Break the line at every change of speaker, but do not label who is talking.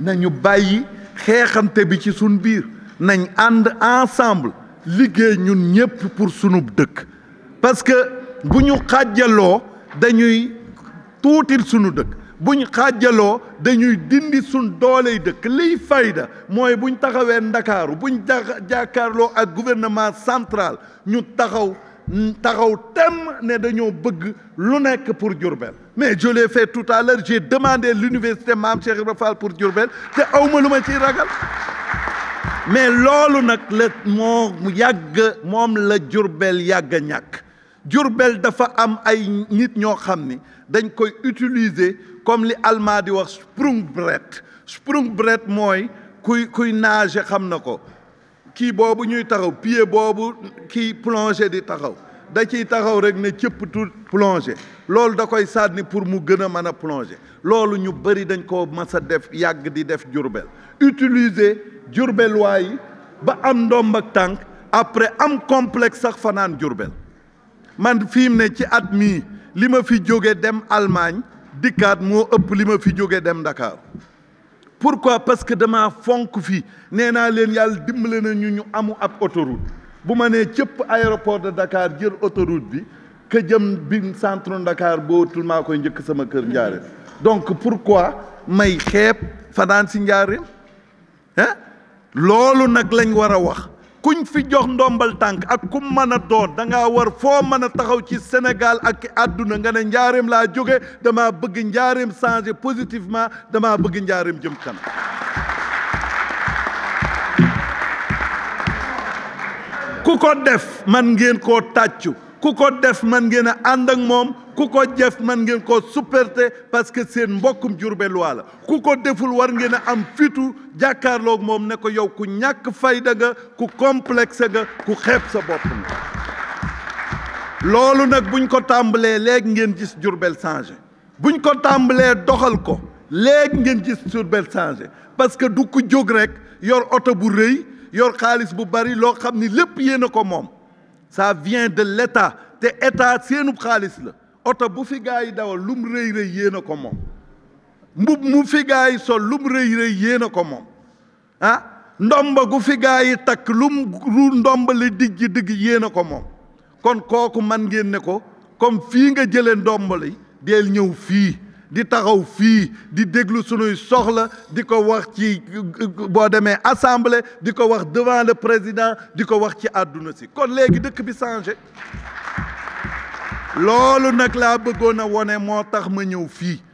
nañu bàyyi xeexante bi ci suñ biir nañ ànd ensemble liggéey ñun ñëpp pour sunub dëkk parce que bu ñu xàjjaloo dañuy tuutil sunu dëkk bu ñu xàjjaloo dañuy dindi sun dooley dëkk liy fayda mooy bu ñu taxawee ndakaaru buñ jàkkaarloo ak gouvernement central ñu taxaw taxaw temm ne dañoo bëgg lu nekk pour Diourbel mais je l'ai fait tout à l'heure j'ai demandé l'université Mame Cheikh Ibra Fall pour Diourbel te awma ma ciy ragal mais loolu nag la moo yàgg moom la jurbel yàgg ñàkk jurbel dafa am ay nit ñoo xam ni dañ koy utiliser comme li allemand di wax Sprungbrett Sprungbrett mooy kuy kuy naage xam na ko kii boobu ñuy taxaw pied boobu kii plongé di taxaw da ciy taxaw rek ne cëpp tout plongé loolu da koy sànni pour mu gën a mën a plongé loolu ñu bëri dañ ko mas a def yàgg di def jurbel utiliser jurbel waayi ba am ndomb ak tànk après am complex sax fanaan jurbel man fii mu ne ci at mii li ma fi jóge dem Allemagne dikkaat moo ëpp li ma fi jóge dem Dakar pourquoi parce que dama fonk fii nee naa leen yàlla dimbale na ñu ñu amu ab autoroute bu ma nee cëpp aéroport de Dakar jël autoroute bi que jëm bi centre Dakar bootul maa koy njëkk sama kër njaareem donc pourquoi may xeeb fanaan si njaareem loolu nag lañ war a wax kuñ fi jox ndombal tànk ak ku mën a doon da ngaa war foo mën a taxaw ci Sénégal ak àdduna nga ne njaareem laa jóge dama bëgg njaareem changer positivement dama bëgg njaareem jëm kanam ku ko def man ngeen koo tàccu ku ko def man ngeen a ànd ak moom ku ko jëf man ngeen ko supporter parce que seen mbokkum Jurbelwaa la ku ko deful war ngeen a am fitu jàkkaarlook moom ne ko yow ku ñàkk fayda nga ku complexe nga ku xeeb sa bopp nga loolu nag buñ ko tàmbalee léegi ngeen gis Jurbel changé buñ ko tàmbalee doxal ko léegi ngeen gis Jurbel changé parce que du ko jóg rek yor oto bu rëy yor xaalis bu bari loo xam ni lépp yéen ko moom ça vient de l'État te état seenub xaalis la oto bu fi gaa yi dawal lum rëy rëy yéen a ko moom mbub mu fi gaa sol lum rëy rëy yéen a ko moom ah ndomba gu fi gaa yi takk lum ru ndomba li digg digg yéen a ko moom kon kooku man ngeen ne ko comme fii nga jëlee ndomba li del ñëw fii di taxaw fii di déglu sunuy soxla di ko wax ci boo demee assemblée di ko wax devant le président di ko wax ci àdduna si kon léegi dëkk bi changé loolu nag laa bëggoon a wone moo tax ma ñëw fii